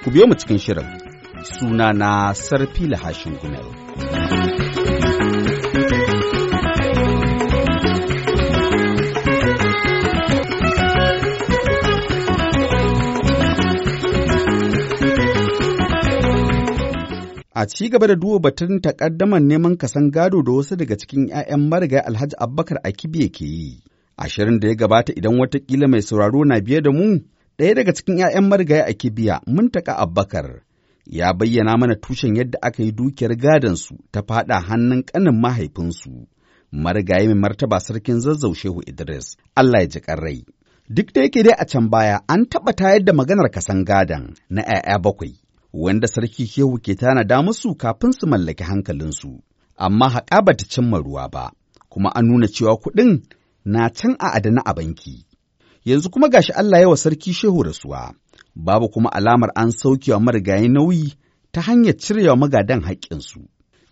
Ku biyo mu cikin shirin suna na sarfi Hashin Gumel. a ci gaba da duba batun takaddaman neman kasan gado da wasu daga cikin 'ya'yan mariga alhaji abubakar akibi ke yi ashirin da ya gabata idan watakila mai sauraro na biye da mu Ɗaya daga cikin ‘ya'yan marigaya a Kibiya, Muntaka Abbakar, ya bayyana mana tushen yadda aka yi dukiyar gadansu ta faɗa hannun ƙanin mahaifinsu, marigayi mai martaba sarkin zazzau Shehu Idris, Allah ya ji rai. Duk da yake dai a can baya an taɓa tayar da maganar kasan gadan na ‘ya'ya bakwai, wanda sarki Shehu ke tanada musu kafin su mallaki hankalinsu, amma haƙa bata cimma ruwa ba, kuma an nuna cewa kuɗin na can a adana a banki. yanzu kuma gashi Allah wa sarki shehu rasuwa, babu kuma alamar an saukewa marigayi nauyi ta hanyar cirewa magadan haƙƙinsu.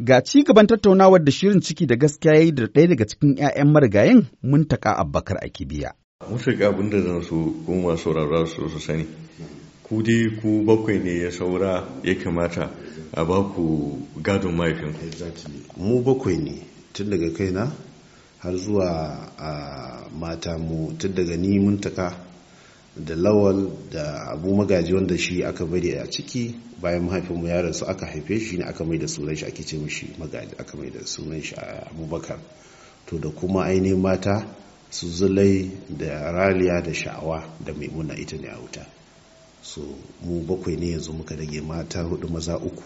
Ga ci gaban tattaunawar da shirin ciki da gaskiya ya yi da ɗaya daga cikin 'ya'yan marigayin mun taƙa abbakar a kibiya. Mun ga abin da zan so saurara su su sani. Ku bakwai ne ya saura ya kamata a baku gadon mahaifinku. Mu bakwai ne tun daga kaina har zuwa a mata mu tun daga ni muntaka da lawal da abu magaji wanda shi aka bari a ciki bayan mahaifinmu ya rasu, aka haife shi ne aka mai da sunan shi ake ce mishi magaji aka mai da sunan shi abubakar to da kuma ainihin mata su zulai da raliya da sha'awa da maimuna ita ne a wuta so mu bakwai ne yanzu muka dage mata hudu maza uku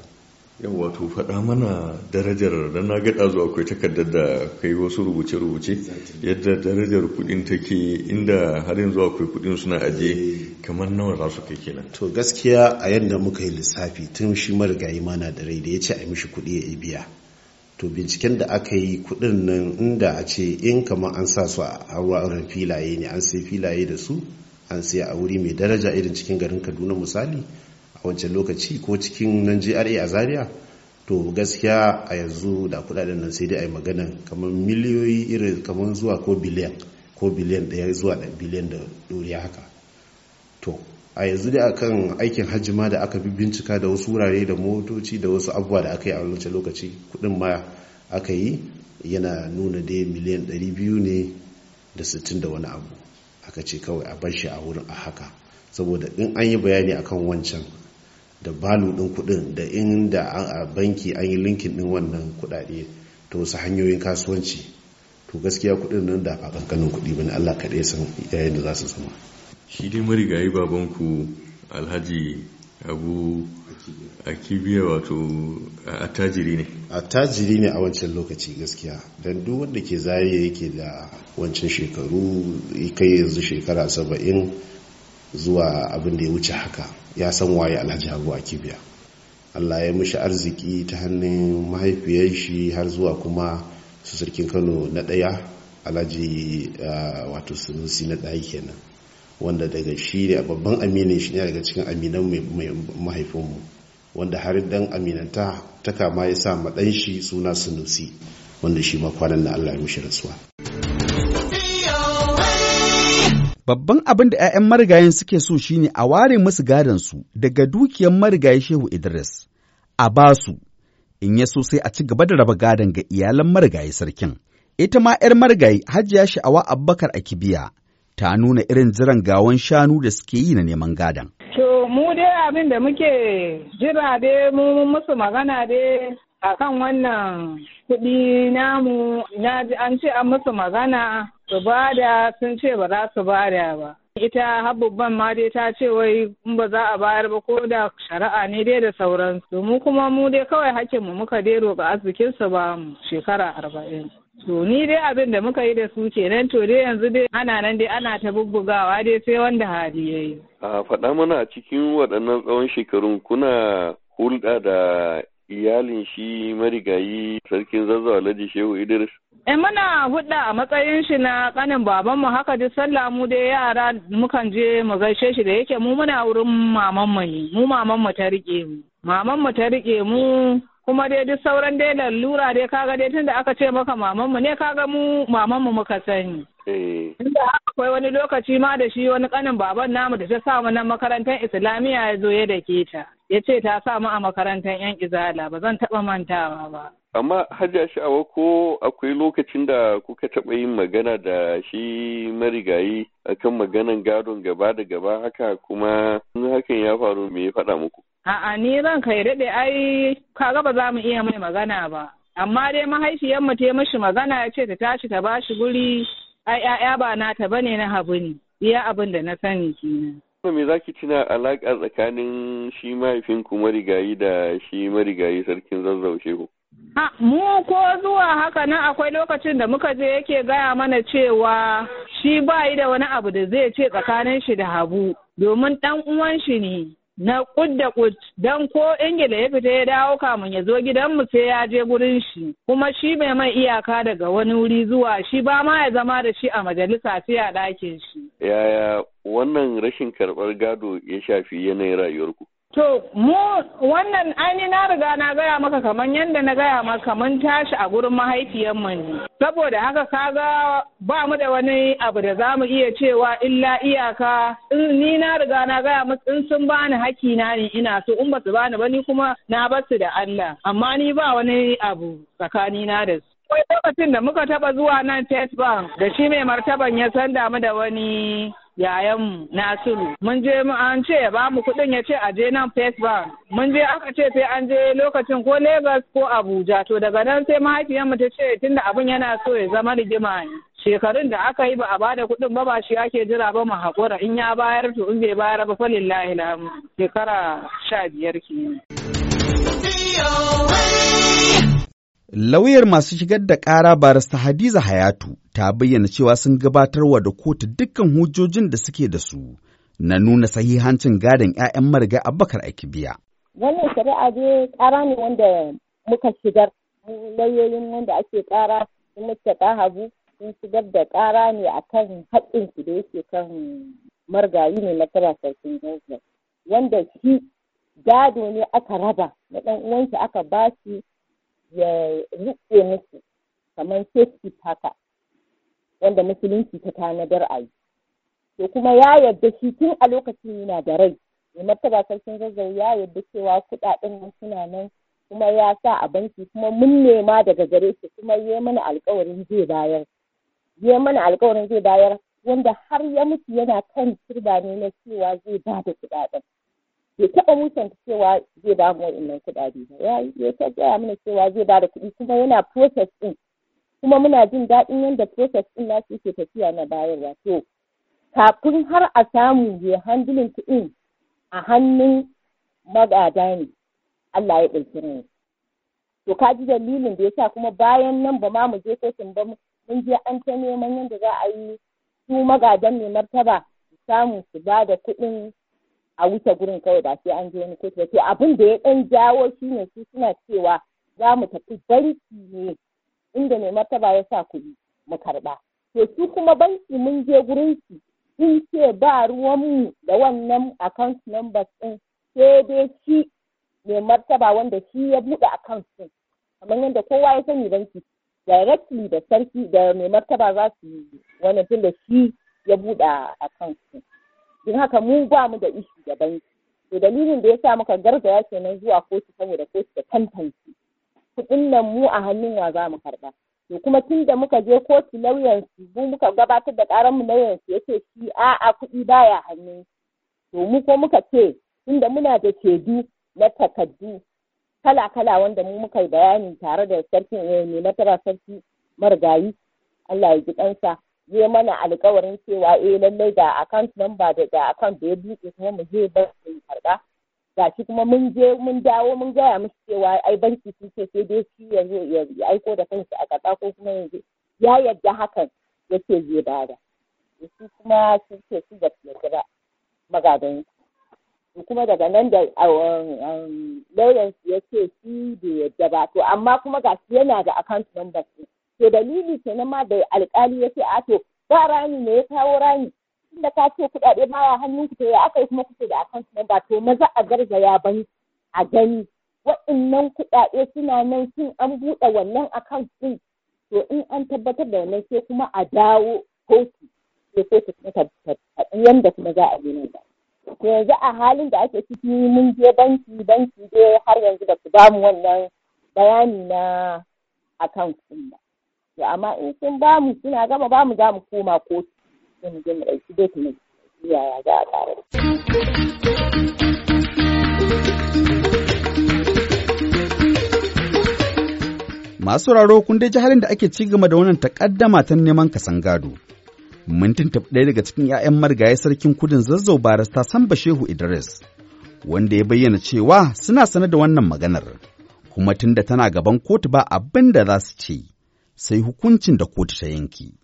yau wato faɗa mana darajar don na gaɗa zuwa akwai takardar da kai wasu rubuce-rubuce yadda darajar kuɗin take inda har yanzu akwai kuɗin suna aje kamar nawa za su kai kenan to gaskiya a yadda muka yi lissafi tun shi marigayi mana da rai da ya ce a yi mishi kuɗi ya biya to binciken da aka yi kuɗin nan inda a ce in kamar an sa su a auren filaye ne an sai filaye da su an sai a wuri mai daraja irin cikin garin kaduna misali a wancan lokaci ko cikin nan GRA a Zaria to gaskiya a yanzu da kudaden nan sai dai a yi magana kamar miliyoyi irin kamar zuwa ko biliyan ko biliyan daya zuwa da biliyan da doriya haka to a yanzu dai akan aikin hajjima da aka bi bincika da wasu wurare da motoci da wasu abubuwa da aka yi a wancan lokaci kudin ma aka yi yana nuna dai miliyan biyu ne da sittin da wani abu aka ce kawai a bar shi a wurin a haka saboda in an yi bayani akan wancan da balu din kudin da inda a banki an yi linkin din wannan kudade ta wasu hanyoyin kasuwanci to gaskiya kudin nan da fakankanin kudi bane Allah kaɗai ya san yayin da za su zama shi dai marigayi ku alhaji abu a wato attajiri ne attajiri ne a wancan lokaci gaskiya don duk wanda ke zaye yake da wancan shekaru kai yanzu shekara 70 zuwa abin da ya wuce haka ya san waye alhaji habu a kibiya allah ya mushi arziki ta hannun mahaifiyar shi har zuwa kuma su sarkin kano na ɗaya alhaji ah, wato sunusi na ɗaya kenan wanda daga shi ne a babban aminin shi ne daga cikin aminan mahaifinmu wanda har dan aminanta ta kama ya sa maɗan shi suna sunusi wanda shi ma kwanan na allah ya mishi rasuwa Babban abin da 'ya'yan marigayen suke so shine a ware musu su daga dukiyar marigayi Shehu Idris, a basu, in ya sosai a ci gaba da raba gadon ga iyalan marigayi sarkin. Ita ma 'yar marigayi Hajiya Sha'awa Abubakar a Kibiya, ta nuna irin jiran gawan shanu da suke yi na neman gadon. To mu dai abin da muke jira dai mu musu magana dai akan wannan kuɗi namu na an ce an musu magana su bada sun ce ba za su bada ba ita habubban ma dai ta ce wai in ba za a bayar ba ko da shari'a ne dai da sauransu Domin kuma mu dai kawai hakkin mu muka dero roƙa arzikin su ba mu shekara arba'in to ni dai abin da muka yi da su kenan to dai yanzu dai ana nan dai ana ta bubbugawa dai sai wanda hali ya yi. a faɗa mana a cikin waɗannan tsawon shekarun kuna hulɗa da iyalin shi marigayi sarkin zazzawa Ladi shehu idris Eh muna huɗa a matsayin shi na kanin babanmu haka duk sallah mu dai yara mukan je mu gaishe shi da yake mu muna wurin mamanmu ne mu mamanmu ta rike mu mamanmu ta rike mu kuma dai duk sauran dai lallura dai kaga dai tunda aka ce maka mamanmu ne kaga mu mamanmu muka sani inda eh. akwai wani lokaci ma da shi wani kanin baban namu da ta sa mu nan makarantar islamiyya ya zo ya dake ta ya ce ta sa mu a makarantar yan izala ba zan taba mantawa ba amma hajja sha'awa ko akwai lokacin da kuka taɓa yin magana da shi marigayi akan maganan gadon gaba da gaba haka kuma hakan ya faru me ya faɗa muku a'a ni zan kai daɗe ai kaga ba za mu iya mai magana ba amma dai mahaifiyar mu ta yi mashi magana ya ce ta tashi ta bashi guri ai ya'ya ba nata ne na habu ne iya abin da na sani kenan me za ki tuna alaƙa tsakanin shi mahaifinku marigayi da shi marigayi sarkin zazzau shehu mu ko zuwa haka nan akwai lokacin da muka je yake gaya mana cewa shi ba yi da wani abu da zai ce tsakanin shi da habu domin ɗan uwan shi ne na kud da kud don ko ingila ya fita ya dawo kamun ya zo gidanmu sai ya je gurin shi kuma shi bai mai iyaka daga wani wuri zuwa shi ba ma ya zama da shi a majalisa sai a ɗakin shi yaya wannan rashin karɓar gado ya shafi yanayin rayuwarku To, mu wannan aini na riga na gaya maka kaman yadda na gaya maka mun tashi a gurin mahaifiyanmu ne. Saboda haka kaga ba mu da wani abu da za mu iya cewa illa iyaka in ni na riga na gaya musu in sun bani haki na ne ina so in basu bani ba ni kuma na basu da Allah. Amma ni ba wani abu tsakanina da su. Akwai lokacin da muka taba zuwa nan Test Bank da shi mai martaban ya sanda mu da wani yayanmu Nasiru. Mun je an ce ya bamu kuɗin ya ce a je nan Facebook. Bank. Mun je aka ce sai an je lokacin ko Lagos ko Abuja. To daga nan sai mahaifiyarmu ta ce tunda abin yana so ya zama rigima shekarun da aka yi ba a bada kuɗin ba ba shi ake jira ba mu haƙura in ya bayar to in bai bayar ba falillahi lamu shekara sha biyar kenan. Lauyar masu shigar da ƙara barista Hadiza Hayatu ta bayyana cewa sun gabatarwa da kotu dukkan hujjojin da suke da su na nuna sahihancin gadon 'ya'yan mariga Abubakar Akibiya. Wannan shari'a je ƙara ne wanda muka shigar lauyoyin wanda ake ƙara sun mutu habu sun shigar da ƙara ne akan haɗin su da yake kan margayi ne na kira sarkin wanda shi gado ne aka raba na ɗan uwansa aka bashi ya rike musu kamar safety haka wanda musulunci ta tanadar a yi to kuma ya yadda shi tun a lokacin yana da rai mai martaba sarkin zazzau ya yadda cewa kuɗaɗen suna nan kuma ya sa a banki kuma mun nema daga gare shi kuma ya mana alƙawarin zai bayar ya mana alƙawarin zai bayar wanda har ya mutu yana kan turba ne na cewa zai ba da kuɗaɗen bai taɓa musanta cewa zai ba mu nan kuɗaɗe ba ya ya ta gaya mana cewa zai ba da kuɗi kuma yana process ɗin kuma muna jin daɗin yadda process ɗin nasu ke tafiya na bayarwa to kafin har a samu ya handling kuɗin a hannun magada ne Allah ya ɗauki rai to ka ji dalilin da yasa kuma bayan nan ba ma mu je kotun ba mun je an ta neman yadda za a yi su magadan ne martaba su samu su ba da kuɗin a wuce gurin kawai ba sai an je wani kotu ba to abin da ya ɗan jawo shine su suna cewa za mu tafi banki ne inda mai martaba ya sa kuɗi mu karɓa to su kuma banki mun je gurin su sun ce ba ruwanmu da wannan account numbers ɗin sai dai shi mai martaba wanda shi ya buɗe account ɗin kamar yadda kowa ya sani banki directly da sarki da mai martaba za su yi wani tun da shi ya buɗe account din. don haka mu ba mu da ishi da banki to dalilin da ya sa muka garzaya kenan zuwa kotu saboda kotu da tantance kuɗin nan mu a hannun wa za mu karɓa to kuma tun da muka je kotu lauyan su mu muka gabatar da ƙaran mu lauyan su yace shi a'a kuɗi baya hannun to mu ko muka ce tun da muna da shaidu na takardu kala kala wanda mu muka yi bayani tare da sarki eh, mai nasara sarki marigayi Allah ya ji ɗansa. yi mana alkawarin cewa eh lallai ga account number da ga account da ya buɗe kuma mu je banki mu karɓa shi kuma mun je mun dawo mun gaya musu cewa ai banki sun ce sai dai shi zo ya aiko da kansa a karɓa ko kuma yanzu ya yarda hakan yake zai bada su kuma sun ce su ba su yarda ba magadan kuma daga nan da um, um, lauyansu ya ce shi bai yarda ba to amma kuma ga shi yana da account number ɗin to dalili kenan ma da alkali ya ce a ba rani ne ya kawo rani inda ka ce kuɗaɗe baya hannun ku ta ya aka yi kuma kuke da account ba to maza a garzaya ban a gani waɗannan kuɗaɗe suna nan sun an buɗe wannan akant ɗin to in an tabbatar da wannan sai kuma a dawo kotu sai su kuma ta yanda kuma za a yi ba to yanzu a halin da ake ciki mun je banki banki dai har yanzu da su bamu wannan bayani na akant ɗin ba to amma in sun ba mu suna gama ba mu za mu koma kotu sai mu je mu ɗauki document yaya za a ƙara Masu raro kun dai halin da ake ci gaba da wannan takaddama ta neman kasan gado. Mun tuntuɓi ɗaya daga cikin 'ya'yan marigaye sarkin kudin zazzau san san Shehu Idris, wanda ya bayyana cewa suna sanar da wannan maganar, kuma tunda tana gaban kotu ba abin da za su ce. sai hukuncin da kotu ta yanki.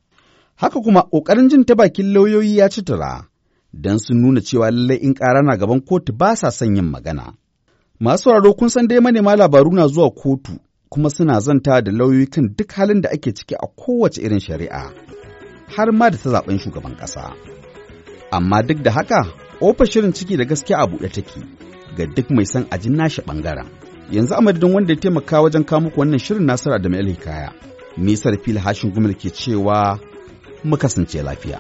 Haka kuma ƙoƙarin jin ta bakin lauyoyi ya ci tura, don sun nuna cewa lallai in ƙara na gaban kotu ba sa son yin magana. Masu sauraro kun san dai manema labaru na zuwa kotu kuma suna zanta da lauyoyi kan duk halin da ake ciki a kowace irin shari'a, har ma da ta zaɓen shugaban ƙasa. Amma duk da haka, ofa shirin ciki da gaskiya a buɗe take ga duk mai son ajin nashi ɓangaren. Yanzu a madadin wanda ya taimaka wajen kawo muku wannan shirin Nasiru Adamu Hikaya. Nisar fil hashin gumil ke cewa muka kasance lafiya.